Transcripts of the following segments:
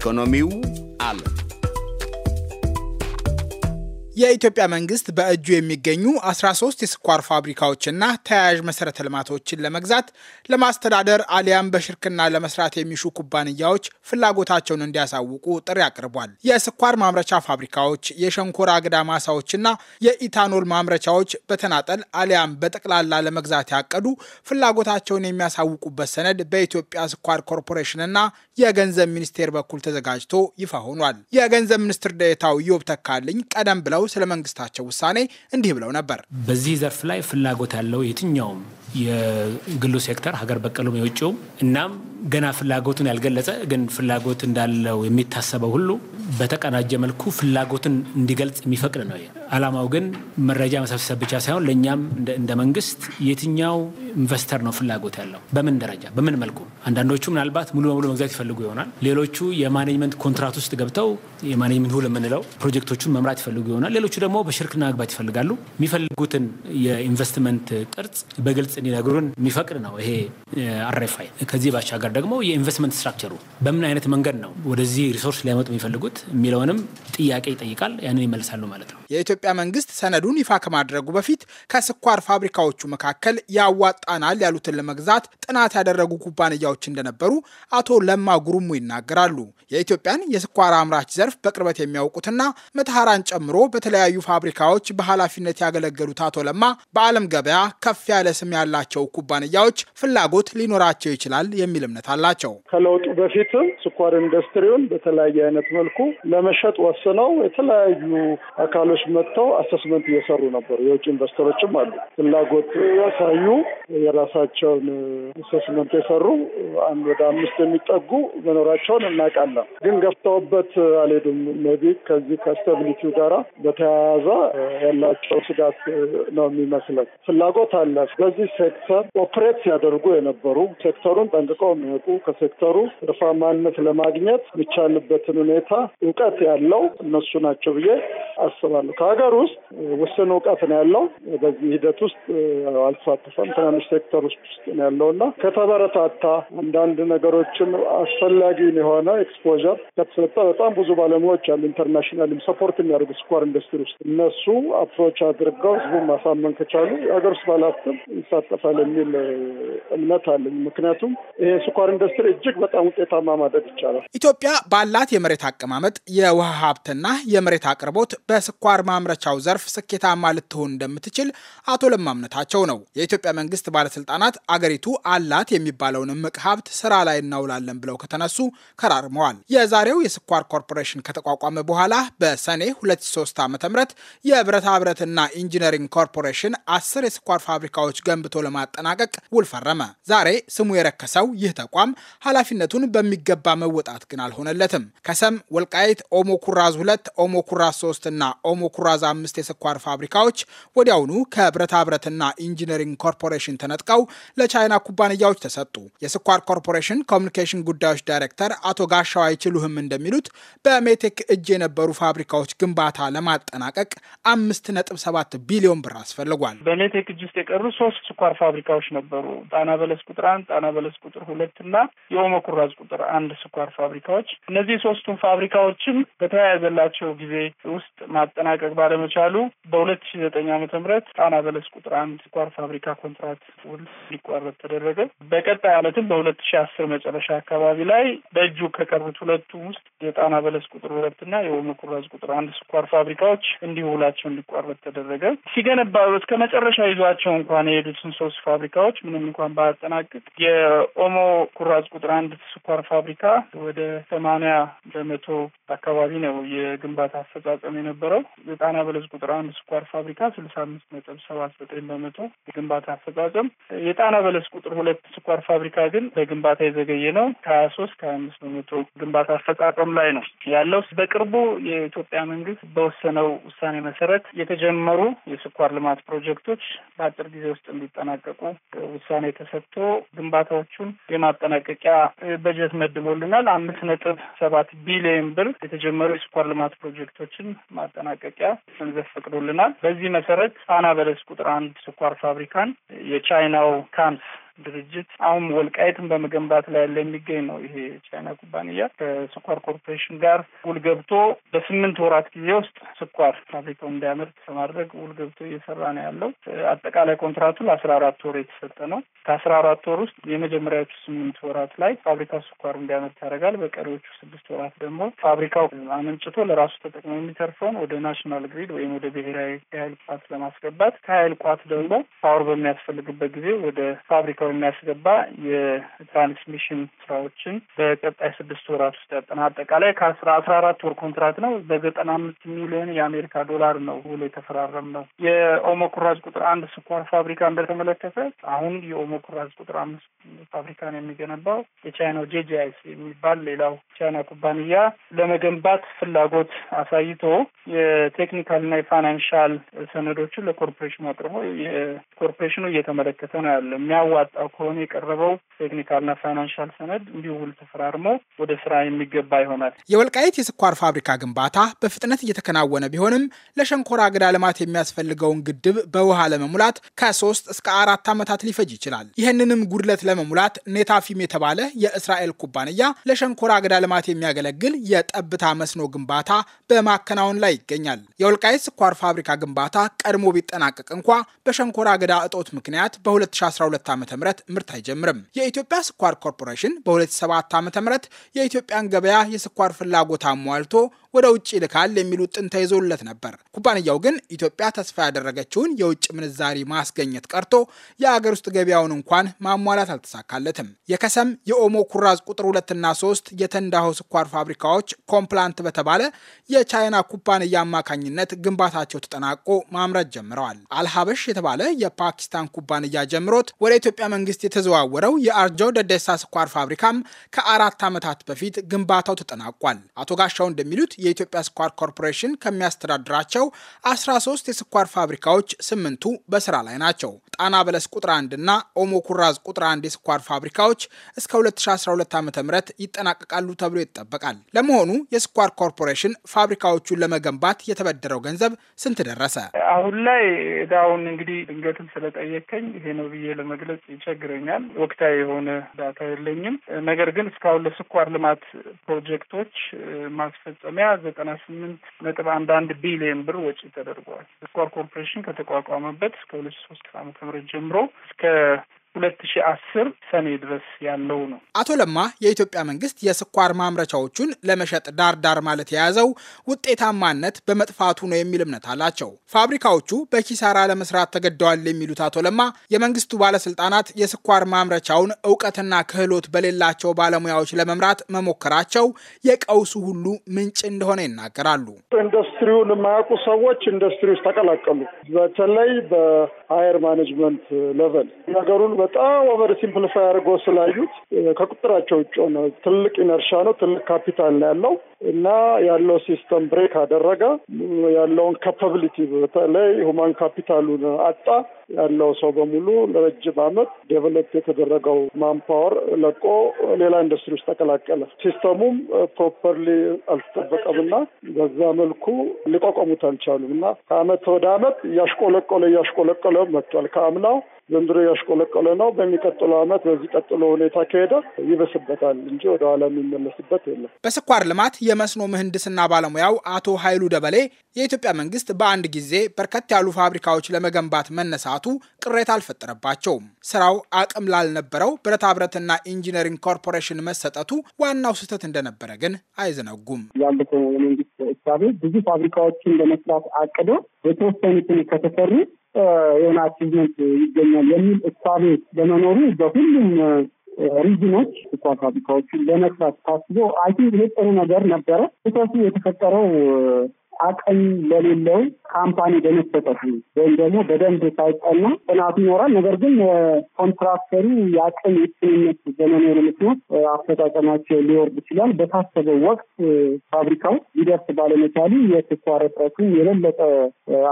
ekonomiu ale. የኢትዮጵያ መንግስት በእጁ የሚገኙ 13 የስኳር ፋብሪካዎችና ተያያዥ መሰረተ ልማቶችን ለመግዛት ለማስተዳደር አሊያም በሽርክና ለመስራት የሚሹ ኩባንያዎች ፍላጎታቸውን እንዲያሳውቁ ጥሪ አቅርቧል። የስኳር ማምረቻ ፋብሪካዎች፣ የሸንኮራ አገዳ ማሳዎችና የኢታኖል ማምረቻዎች በተናጠል አሊያም በጠቅላላ ለመግዛት ያቀዱ ፍላጎታቸውን የሚያሳውቁበት ሰነድ በኢትዮጵያ ስኳር ኮርፖሬሽንና የገንዘብ ሚኒስቴር በኩል ተዘጋጅቶ ይፋ ሆኗል። የገንዘብ ሚኒስትር ዴኤታው ኢዮብ ተካልኝ ቀደም ብለው ስለ መንግስታቸው ውሳኔ እንዲህ ብለው ነበር። በዚህ ዘርፍ ላይ ፍላጎት ያለው የትኛውም የግሉ ሴክተር ሀገር በቀሉም የውጭውም እናም ገና ፍላጎቱን ያልገለጸ ግን ፍላጎት እንዳለው የሚታሰበው ሁሉ በተቀናጀ መልኩ ፍላጎትን እንዲገልጽ የሚፈቅድ ነው። አላማው ግን መረጃ መሰብሰብ ብቻ ሳይሆን ለእኛም እንደ መንግስት የትኛው ኢንቨስተር ነው ፍላጎት ያለው። በምን ደረጃ በምን መልኩ? አንዳንዶቹ ምናልባት ሙሉ በሙሉ መግዛት ይፈልጉ ይሆናል። ሌሎቹ የማኔጅመንት ኮንትራት ውስጥ ገብተው የማኔጅመንት ውል የምንለው ፕሮጀክቶቹን መምራት ይፈልጉ ይሆናል። ሌሎቹ ደግሞ በሽርክና መግባት ይፈልጋሉ። የሚፈልጉትን የኢንቨስትመንት ቅርጽ በግልጽ እንዲነግሩን የሚፈቅድ ነው ይሄ አርኤፍአይ። ከዚህ ባሻገር ደግሞ የኢንቨስትመንት ስትራክቸሩ በምን አይነት መንገድ ነው ወደዚህ ሪሶርስ ሊያመጡ የሚፈልጉት የሚለውንም ጥያቄ ይጠይቃል። ያንን ይመልሳሉ ማለት ነው። የኢትዮጵያ መንግስት ሰነዱን ይፋ ከማድረጉ በፊት ከስኳር ፋብሪካዎቹ መካከል ያዋ ያዋጣናል ያሉትን ለመግዛት ጥናት ያደረጉ ኩባንያዎች እንደነበሩ አቶ ለማ ጉሩሙ ይናገራሉ። የኢትዮጵያን የስኳር አምራች ዘርፍ በቅርበት የሚያውቁትና መተሐራን ጨምሮ በተለያዩ ፋብሪካዎች በኃላፊነት ያገለገሉት አቶ ለማ በዓለም ገበያ ከፍ ያለ ስም ያላቸው ኩባንያዎች ፍላጎት ሊኖራቸው ይችላል የሚል እምነት አላቸው። ከለውጡ በፊትም ስኳር ኢንዱስትሪውን በተለያየ አይነት መልኩ ለመሸጥ ወስነው የተለያዩ አካሎች መጥተው አሰስመንት እየሰሩ ነበሩ። የውጭ ኢንቨስተሮችም አሉ ፍላጎት ያሳዩ የራሳቸውን አሴስመንት የሰሩ አንድ ወደ አምስት የሚጠጉ መኖራቸውን እናውቃለን። ግን ገፍተውበት አልሄዱም። ሜቢ ከዚህ ከስተብሊቲው ጋራ በተያያዘ ያላቸው ስጋት ነው የሚመስለን። ፍላጎት አለ። በዚህ ሴክተር ኦፕሬት ሲያደርጉ የነበሩ ሴክተሩን ጠንቅቀው የሚያውቁ ከሴክተሩ ትርፋማነት ለማግኘት የሚቻልበትን ሁኔታ እውቀት ያለው እነሱ ናቸው ብዬ አስባለሁ። ከሀገር ውስጥ ውስን እውቀት ነው ያለው። በዚህ ሂደት ውስጥ አልተሳተፈም። ትናንሽ ሴክተር ውስጥ ነው እና ከተበረታታ አንዳንድ ነገሮችን አስፈላጊ የሆነ ኤክስፖዘር ከተሰጠ በጣም ብዙ ባለሙያዎች አሉ። ኢንተርናሽናል ሰፖርት የሚያደርጉ ስኳር ኢንዱስትሪ ውስጥ እነሱ አፕሮች አድርገው ህዝቡን ማሳመን ከቻሉ የሀገር ውስጥ ባለሀብትም ይሳተፋል የሚል እምነት አለኝ። ምክንያቱም ይሄ ስኳር ኢንዱስትሪ እጅግ በጣም ውጤታማ ማደግ ይቻላል። ኢትዮጵያ ባላት የመሬት አቀማመጥ፣ የውሃ ሀብትና የመሬት አቅርቦት በስኳር ማምረቻው ዘርፍ ስኬታማ ልትሆን እንደምትችል አቶ ለማምነታቸው ነው። የኢትዮጵያ መንግስት የመንግስት ባለስልጣናት አገሪቱ አላት የሚባለውን እምቅ ሀብት ስራ ላይ እናውላለን ብለው ከተነሱ ከራርመዋል። የዛሬው የስኳር ኮርፖሬሽን ከተቋቋመ በኋላ በሰኔ 2003 ዓ ም የብረታ ብረትና ኢንጂነሪንግ ኮርፖሬሽን አስር የስኳር ፋብሪካዎች ገንብቶ ለማጠናቀቅ ውል ፈረመ። ዛሬ ስሙ የረከሰው ይህ ተቋም ኃላፊነቱን በሚገባ መወጣት ግን አልሆነለትም። ከሰም፣ ወልቃይት፣ ኦሞ ኩራዝ ሁለት፣ ኦሞ ኩራዝ ሶስት እና ኦሞ ኩራዝ አምስት የስኳር ፋብሪካዎች ወዲያውኑ ከብረታ ብረትና ኢንጂነሪንግ ኮርፖሬሽን ተነጥቀው ለቻይና ኩባንያዎች ተሰጡ። የስኳር ኮርፖሬሽን ኮሚኒኬሽን ጉዳዮች ዳይሬክተር አቶ ጋሻው አይችሉህም እንደሚሉት በሜቴክ እጅ የነበሩ ፋብሪካዎች ግንባታ ለማጠናቀቅ አምስት ነጥብ ሰባት ቢሊዮን ብር አስፈልጓል። በሜቴክ እጅ ውስጥ የቀሩ ሶስት ስኳር ፋብሪካዎች ነበሩ። ጣና በለስ ቁጥር አንድ፣ ጣና በለስ ቁጥር ሁለት እና የኦሞ ኩራዝ ቁጥር አንድ ስኳር ፋብሪካዎች እነዚህ ሶስቱን ፋብሪካዎችም በተያያዘላቸው ጊዜ ውስጥ ማጠናቀቅ ባለመቻሉ በሁለት ሺ ዘጠኝ ዓመተ ምህረት ጣና በለስ ቁጥር አንድ ስኳር ፋብሪካ ኮንትራት ውል ሊቋረጥ ተደረገ። በቀጣይ ዓመትም በሁለት ሺ አስር መጨረሻ አካባቢ ላይ በእጁ ከቀሩት ሁለቱ ውስጥ የጣና በለስ ቁጥር ሁለትና የኦሞ ኩራዝ ቁጥር አንድ ስኳር ፋብሪካዎች እንዲሁ ውላቸው እንዲቋረጥ ተደረገ። ሲገነባ እስከ መጨረሻ ይዟቸው እንኳን የሄዱትን ሶስት ፋብሪካዎች ምንም እንኳን ባያጠናቅቅ የኦሞ ኩራዝ ቁጥር አንድ ስኳር ፋብሪካ ወደ ሰማንያ በመቶ አካባቢ ነው የግንባታ አፈጻጸም የነበረው። የጣና በለስ ቁጥር አንድ ስኳር ፋብሪካ ስልሳ አምስት ነጥብ ሰባት ዘጠኝ በመቶ የግንባታ አፈጻጸም አልተጠናቀቀም። የጣና በለስ ቁጥር ሁለት ስኳር ፋብሪካ ግን በግንባታ የዘገየ ነው። ከሀያ ሶስት ከሀያ አምስት በመቶ ግንባታ አፈጻጸም ላይ ነው ያለው። በቅርቡ የኢትዮጵያ መንግስት በወሰነው ውሳኔ መሰረት የተጀመሩ የስኳር ልማት ፕሮጀክቶች በአጭር ጊዜ ውስጥ እንዲጠናቀቁ ውሳኔ ተሰጥቶ ግንባታዎቹን የማጠናቀቂያ በጀት መድቦልናል። አምስት ነጥብ ሰባት ቢሊዮን ብር የተጀመሩ የስኳር ልማት ፕሮጀክቶችን ማጠናቀቂያ ገንዘብ ፈቅዶልናል። በዚህ መሰረት ጣና በለስ ቁጥር አንድ ስኳር ፋብሪካን የች China comes ድርጅት አሁን ወልቃይትን በመገንባት ላይ ያለ የሚገኝ ነው። ይሄ ቻይና ኩባንያ ከስኳር ኮርፖሬሽን ጋር ውል ገብቶ በስምንት ወራት ጊዜ ውስጥ ስኳር ፋብሪካው እንዲያመርት ለማድረግ ውል ገብቶ እየሰራ ነው ያለው። አጠቃላይ ኮንትራቱ ለአስራ አራት ወር የተሰጠ ነው። ከአስራ አራት ወር ውስጥ የመጀመሪያዎቹ ስምንት ወራት ላይ ፋብሪካው ስኳር እንዲያመርት ያደርጋል። በቀሪዎቹ ስድስት ወራት ደግሞ ፋብሪካው አመንጭቶ ለራሱ ተጠቅሞ የሚተርፈውን ወደ ናሽናል ግሪድ ወይም ወደ ብሔራዊ የኃይል ቋት ለማስገባት ከኃይል ቋት ደግሞ ፓወር በሚያስፈልግበት ጊዜ ወደ ፋብሪካው የሚያስገባ የትራንስሚሽን ስራዎችን በቀጣይ ስድስት ወራት ውስጥ ያጠና አጠቃላይ ከአስራ አስራ አራት ወር ኮንትራት ነው። በዘጠና አምስት ሚሊዮን የአሜሪካ ዶላር ነው ውል የተፈራረም ነው። የኦሞ ኩራዝ ቁጥር አንድ ስኳር ፋብሪካን በተመለከተ አሁን የኦሞ ኩራዝ ቁጥር አምስት ፋብሪካን የሚገነባው የቻይናው ጄጂአይስ የሚባል ሌላው ቻይና ኩባንያ ለመገንባት ፍላጎት አሳይቶ የቴክኒካልና የፋይናንሻል ሰነዶችን ለኮርፖሬሽኑ አቅርቦ የኮርፖሬሽኑ እየተመለከተ ነው ያለ የሚያዋ ያወጣው ከሆነ የቀረበው ቴክኒካልና ፋይናንሻል ሰነድ እንዲሁ ውል ተፈራርሞ ወደ ስራ የሚገባ ይሆናል። የወልቃይት የስኳር ፋብሪካ ግንባታ በፍጥነት እየተከናወነ ቢሆንም ለሸንኮራ አገዳ ልማት የሚያስፈልገውን ግድብ በውሃ ለመሙላት ከሶስት እስከ አራት ዓመታት ሊፈጅ ይችላል። ይህንንም ጉድለት ለመሙላት ኔታፊም የተባለ የእስራኤል ኩባንያ ለሸንኮራ አገዳ ልማት የሚያገለግል የጠብታ መስኖ ግንባታ በማከናወን ላይ ይገኛል። የወልቃይት ስኳር ፋብሪካ ግንባታ ቀድሞ ቢጠናቀቅ እንኳ በሸንኮራ አገዳ እጦት ምክንያት በ2012 ዓ ምርት አይጀምርም። የኢትዮጵያ ስኳር ኮርፖሬሽን በ2007 ዓ ም የኢትዮጵያን ገበያ የስኳር ፍላጎት አሟልቶ ወደ ውጭ ይልካል የሚሉ ጥንተ ይዞለት ነበር። ኩባንያው ግን ኢትዮጵያ ተስፋ ያደረገችውን የውጭ ምንዛሪ ማስገኘት ቀርቶ የአገር ውስጥ ገበያውን እንኳን ማሟላት አልተሳካለትም። የከሰም የኦሞ ኩራዝ ቁጥር ሁለትና ሶስት የተንዳሆ ስኳር ፋብሪካዎች ኮምፕላንት በተባለ የቻይና ኩባንያ አማካኝነት ግንባታቸው ተጠናቆ ማምረት ጀምረዋል። አልሀበሽ የተባለ የፓኪስታን ኩባንያ ጀምሮት ወደ ኢትዮጵያ መንግስት የተዘዋወረው የአርጆ ደደሳ ስኳር ፋብሪካም ከአራት ዓመታት በፊት ግንባታው ተጠናቋል። አቶ ጋሻው እንደሚሉት የኢትዮጵያ ስኳር ኮርፖሬሽን ከሚያስተዳድራቸው 13 የስኳር ፋብሪካዎች ስምንቱ በስራ ላይ ናቸው። ጣና በለስ ቁጥር አንድ እና ኦሞ ኩራዝ ቁጥር አንድ የስኳር ፋብሪካዎች እስከ 2012 ዓ ም ይጠናቀቃሉ ተብሎ ይጠበቃል። ለመሆኑ የስኳር ኮርፖሬሽን ፋብሪካዎቹን ለመገንባት የተበደረው ገንዘብ ስንት ደረሰ? አሁን ላይ እዳውን እንግዲህ ድንገትም ስለጠየከኝ ይሄ ነው ብዬ ለመግለጽ ይቸግረኛል። ወቅታዊ የሆነ ዳታ የለኝም። ነገር ግን እስካሁን ለስኳር ልማት ፕሮጀክቶች ማስፈጸሚያ ዘጠና ስምንት ነጥብ አንድ አንድ ቢሊየን ብር ወጪ ተደርጓል። ስኳር ኮርፖሬሽን ከተቋቋመበት እስከ ሁለት ሶስት ዓመተ ጀምሮ እስከ ሁለት ሺ አስር ሰኔ ድረስ ያለው ነው። አቶ ለማ የኢትዮጵያ መንግስት የስኳር ማምረቻዎቹን ለመሸጥ ዳር ዳር ማለት የያዘው ውጤታማነት በመጥፋቱ ነው የሚል እምነት አላቸው። ፋብሪካዎቹ በኪሳራ ለመስራት ተገደዋል የሚሉት አቶ ለማ የመንግስቱ ባለስልጣናት የስኳር ማምረቻውን እውቀትና ክህሎት በሌላቸው ባለሙያዎች ለመምራት መሞከራቸው የቀውሱ ሁሉ ምንጭ እንደሆነ ይናገራሉ። ኢንዱስትሪውን የማያውቁ ሰዎች ኢንዱስትሪ ውስጥ ተቀላቀሉ። በተለይ በአየር ማኔጅመንት ሌቨል ነገሩን በጣም ኦቨር ሲምፕሊፋይ አድርገው ስላዩት ከቁጥራቸው ውጭ ሆነ። ትልቅ ኢነርሻ ነው፣ ትልቅ ካፒታል ነው ያለው እና ያለው ሲስተም ብሬክ አደረገ። ያለውን ካፓብሊቲ በተለይ ሁማን ካፒታሉን አጣ። ያለው ሰው በሙሉ ለረጅም ዓመት ዴቨሎፕ የተደረገው ማንፓወር ለቆ ሌላ ኢንዱስትሪ ውስጥ ተቀላቀለ። ሲስተሙም ፕሮፐርሊ አልተጠበቀም እና በዛ መልኩ ሊቋቋሙት አልቻሉም እና ከአመት ወደ አመት እያሽቆለቆለ እያሽቆለቆለ መጥቷል። ከአምናው ዘንድሮ እያሽቆለቆለ ነው። በሚቀጥለው አመት በዚህ ቀጥሎ ሁኔታ ከሄደ ይበስበታል እንጂ ወደኋላ የሚመለስበት የለም። በስኳር ልማት የመስኖ ምህንድስና ባለሙያው አቶ ኃይሉ ደበሌ የኢትዮጵያ መንግስት በአንድ ጊዜ በርከት ያሉ ፋብሪካዎች ለመገንባት መነሳት መሰራቱ ቅሬታ አልፈጠረባቸውም። ስራው አቅም ላልነበረው ብረታ ብረትና ኢንጂነሪንግ ኮርፖሬሽን መሰጠቱ ዋናው ስህተት እንደነበረ ግን አይዘነጉም። ያለፈው የመንግስት እሳቤ ብዙ ፋብሪካዎችን ለመስራት አቅዶ የተወሰኑትን ከተሰሩ የሆነ አቺቭመንት ይገኛል የሚል እሳቤ በመኖሩ በሁሉም ሪጅኖች ስኳር ፋብሪካዎችን ለመስራት ታስቦ አይ ቲንክ ይሄ ጥሩ ነገር ነበረ። ስህተቱ የተፈጠረው አቅም ለሌለው ካምፓኒ በመሰጠት ወይም ደግሞ በደንብ ሳይጠና ጥናቱ ይኖራል። ነገር ግን ኮንትራክተሩ የአቅም ውስንነት በመኖሩ ምክንያት አፈጻጸማቸው ሊወርድ ይችላል። በታሰበው ወቅት ፋብሪካው ሊደርስ ባለመቻሉ የስኳር እጥረቱ የበለጠ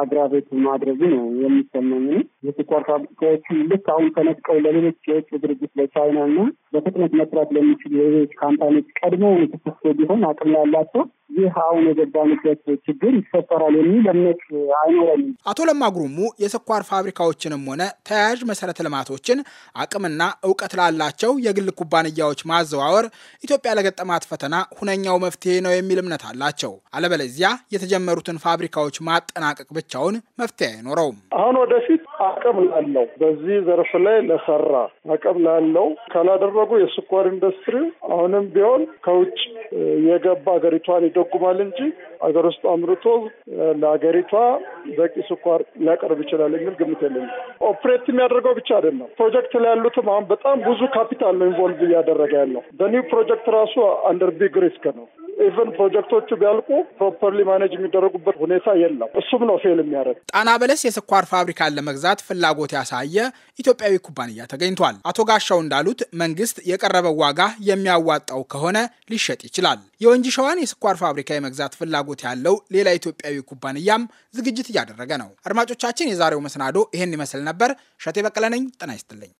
አግራቤት ማድረጉ ነው የሚሰማኝ። የስኳር ፋብሪካዎቹ ልክ አሁን ተነጥቀው ለሌሎች የውጭ ድርጅት ለቻይና እና በፍጥነት መስራት ለሚችሉ የሌሎች ካምፓኒዎች ቀድሞ የተሰሶ ቢሆን አቅም ላላቸው ይህ አሁን የገባንበት ችግር ይፈጠራል የሚል እምነት አይኖረኝም። አቶ ለማ ጉሩሙ የስኳር ፋብሪካዎችንም ሆነ ተያያዥ መሰረተ ልማቶችን አቅምና እውቀት ላላቸው የግል ኩባንያዎች ማዘዋወር ኢትዮጵያ ለገጠማት ፈተና ሁነኛው መፍትሄ ነው የሚል እምነት አላቸው። አለበለዚያ የተጀመሩትን ፋብሪካዎች ማጠናቀቅ ብቻውን መፍትሄ አይኖረውም። አሁን ወደፊት አቅም ላለው በዚህ ዘርፍ ላይ ለሰራ አቅም ላለው ካላደረጉ የስኳር ኢንዱስትሪ አሁንም ቢሆን ከውጭ የገባ ሀገሪቷን ይደጉማል እንጂ ሀገር ውስጥ አምርቶ ለሀገሪቷ በቂ ስኳር ሊያቀርብ ይችላል የሚል ግምት የለኝ። ኦፕሬት የሚያደርገው ብቻ አይደለም። ፕሮጀክት ላይ ያሉትም አሁን በጣም ብዙ ካፒታል ነው ኢንቮልቭ እያደረገ ያለው። በኒው ፕሮጀክት ራሱ አንደር ቢግ ሪስክ ነው። ኢቨን ፕሮጀክቶቹ ቢያልቁ ፕሮፐርሊ ማኔጅ የሚደረጉበት ሁኔታ የለም። እሱም ነው ፌል የሚያደርግ። ጣና በለስ የስኳር ፋብሪካን ለመግዛት ፍላጎት ያሳየ ኢትዮጵያዊ ኩባንያ ተገኝቷል። አቶ ጋሻው እንዳሉት መንግስት የቀረበው ዋጋ የሚያዋጣው ከሆነ ሊሸጥ ይችላል። የወንጂ ሸዋን የስኳር ፋብሪካ የመግዛት ፍላጎት ያለው ሌላ ኢትዮጵያዊ ኩባንያም ዝግጅት እያደረገ ነው። አድማጮቻችን፣ የዛሬው መሰናዶ ይህን ይመስል ነበር። እሸቴ በቀለ ነኝ። ጤና ይስጥልኝ።